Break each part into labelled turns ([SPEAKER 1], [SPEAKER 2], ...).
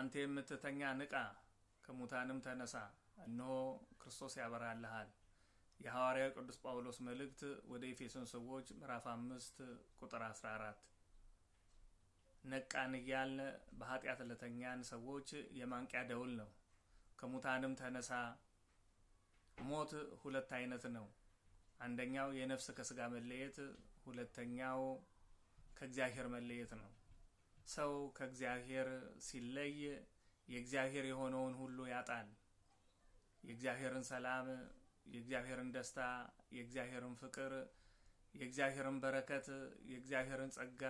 [SPEAKER 1] አንተ የምትተኛ ንቃ፣ ከሙታንም ተነሳ፣ እነሆ ክርስቶስ ያበራልሃል። የሐዋርያው ቅዱስ ጳውሎስ መልእክት ወደ ኤፌሶን ሰዎች ምዕራፍ አምስት ቁጥር አስራ አራት ነቃን እያልን በኃጢአት ለተኛን ሰዎች የማንቂያ ደውል ነው። ከሙታንም ተነሳ። ሞት ሁለት አይነት ነው። አንደኛው የነፍስ ከስጋ መለየት፣ ሁለተኛው ከእግዚአብሔር መለየት ነው። ሰው ከእግዚአብሔር ሲለይ የእግዚአብሔር የሆነውን ሁሉ ያጣል። የእግዚአብሔርን ሰላም፣ የእግዚአብሔርን ደስታ፣ የእግዚአብሔርን ፍቅር፣ የእግዚአብሔርን በረከት፣ የእግዚአብሔርን ጸጋ፣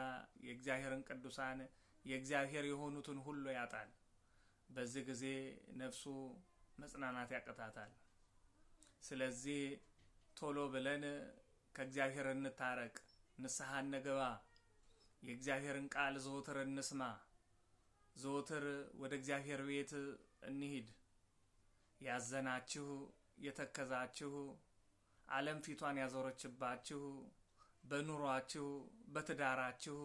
[SPEAKER 1] የእግዚአብሔርን ቅዱሳን፣ የእግዚአብሔር የሆኑትን ሁሉ ያጣል። በዚህ ጊዜ ነፍሱ መጽናናት ያቅታታል። ስለዚህ ቶሎ ብለን ከእግዚአብሔር እንታረቅ፣ ንስሐ እንግባ። የእግዚአብሔርን ቃል ዘወትር እንስማ፣ ዘወትር ወደ እግዚአብሔር ቤት እንሂድ። ያዘናችሁ፣ የተከዛችሁ፣ አለም ፊቷን ያዞረችባችሁ በኑሯችሁ፣ በትዳራችሁ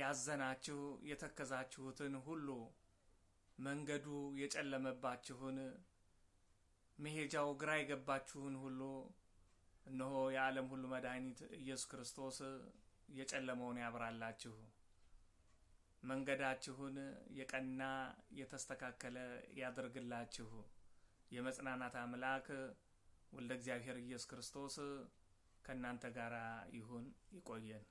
[SPEAKER 1] ያዘናችሁ የተከዛችሁትን ሁሉ መንገዱ የጨለመባችሁን መሄጃው ግራ የገባችሁን ሁሉ እነሆ የዓለም ሁሉ መድኃኒት ኢየሱስ ክርስቶስ የጨለመውን ያብራላችሁ፣ መንገዳችሁን የቀና የተስተካከለ ያደርግላችሁ። የመጽናናት አምላክ ወልደ እግዚአብሔር ኢየሱስ ክርስቶስ ከእናንተ ጋር ይሁን። ይቆየን።